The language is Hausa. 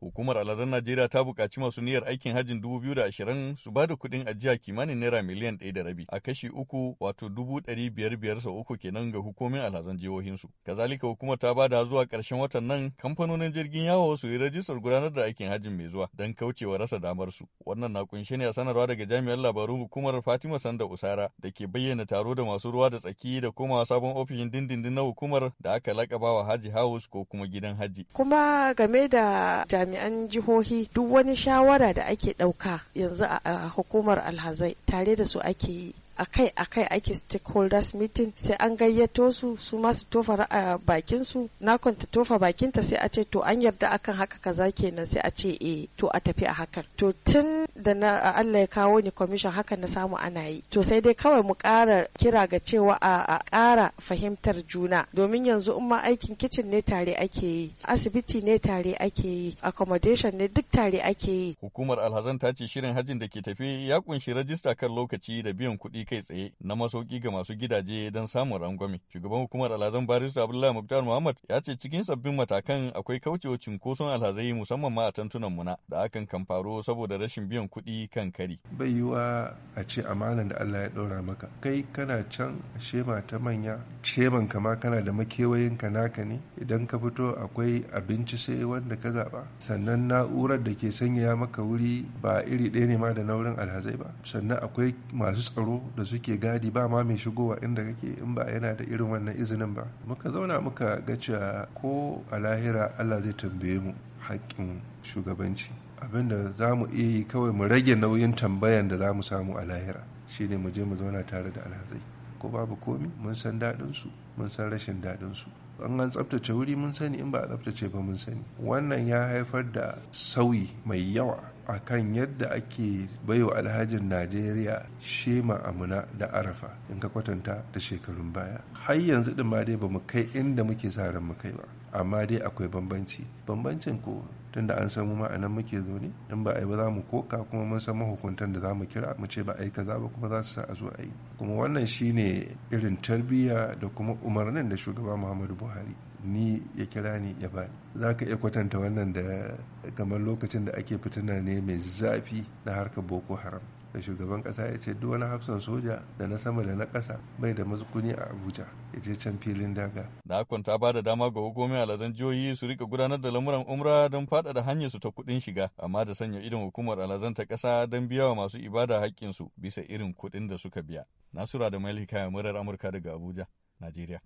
Hukumar alhazan Najeriya ta buƙaci masu niyyar aikin da ashirin su ba da kuɗin ajiya kimanin naira miliyan ɗaya da rabi a kashi uku wato dubu ɗari biyar biyar sau uku kenan ga hukumin alhazan jihohinsu. Kazalika hukumar ta ba da zuwa ƙarshen watan nan kamfanonin jirgin yawo su yi rajistar gudanar da aikin hajjin mai zuwa don kaucewa rasa damar su. Wannan na kunshe ne a sanarwa daga jami'an labarun hukumar Fatima Sanda Usara da ke bayyana taro da masu ruwa da tsaki da komawa sabon ofishin dindindin na hukumar da aka lakabawa Haji House ko kuma gidan Haji. Kuma game da jami'an jihohi duk wani shawara da ake ɗauka yanzu a hukumar alhazai tare da su ake yi akai akai ake stakeholders meeting sai an gayyato su su ma su tofa bakin su na kwanta tofa bakin sai a ce to an yarda akan haka kaza kenan sai a ce eh to a tafi a hakan to tun da na Allah ya kawo ni commission hakan na samu ana yi to sai dai kawai mu ƙara kira ga cewa a ƙara fahimtar juna domin yanzu in ma aikin kitchen ne tare ake yi asibiti ne tare ake yi accommodation ne duk tare ake yi hukumar alhazan ta ce shirin hajin da ke tafi ya kunshi rajista kan lokaci da biyan kuɗi kai tsaye na masauki ga masu gidaje don samun rangwame. Shugaban hukumar alhazan barista Abdullahi Muktar Muhammad ya ce cikin sabbin matakan akwai kaucewa cinkoson alhazai musamman ma a tantunan muna da akan kan faro saboda rashin biyan kuɗi kan kari. Bai wa a ce amanan da Allah ya ɗora maka. Kai kana can shema ta manya, sheman kama kana da makewayin ka naka ne idan ka fito akwai abinci sai wanda ka zaɓa. Sannan na'urar da ke sanyaya maka wuri ba iri ɗaya ne ma da naurin alhazai ba. Sannan akwai masu tsaro da suke gadi ba ma mai shigowa inda kake in ba yana da irin wannan izinin ba muka zauna muka ga cewa ko a lahira allah zai tambaye mu haƙƙin shugabanci abinda za mu iya yi kawai mu rage nauyin tambayan da za mu samu a lahira shine mu je mu zauna tare da alhazai ko babu komi mun san daɗinsu mun san rashin daɗinsu an an tsabtace wuri mun sani in ba a tsabtace ba mun sani wannan ya haifar da sauyi mai yawa a kan yadda ake baiwa alhajin najeriya shema amuna da arafa in ka kwatanta da shekarun baya har yanzu din ma dai ba mu kai inda muke sa ran mu kai ba amma dai akwai bambanci bambancin ko tunda an samu ma anan muke ne in ba a yi ba za mu koka kuma mun san mahukuntan da za mu kira mu ce ba a yi kaza ba kuma za su sa a zo a yi kuma wannan shine irin tarbiyya da kuma umarnin da shugaba muhammadu buhari buhari ni ya kira ni ya bani za ka iya kwatanta wannan da kamar lokacin da ake fitina ne mai zafi na harkar boko haram da shugaban kasa ya ce duk wani hafsan soja da na sama da na kasa bai da mazukuni a abuja ya je can filin daga na kwanta ba da dama ga hukumomi alazan jihohi su rika gudanar da lamuran umra don faɗaɗa hanyar su ta kuɗin shiga amma da sanya idon hukumar alazan ta kasa don biya wa masu ibada haƙƙinsu bisa irin kuɗin da suka biya nasura da mai mailika murar amurka daga abuja najeriya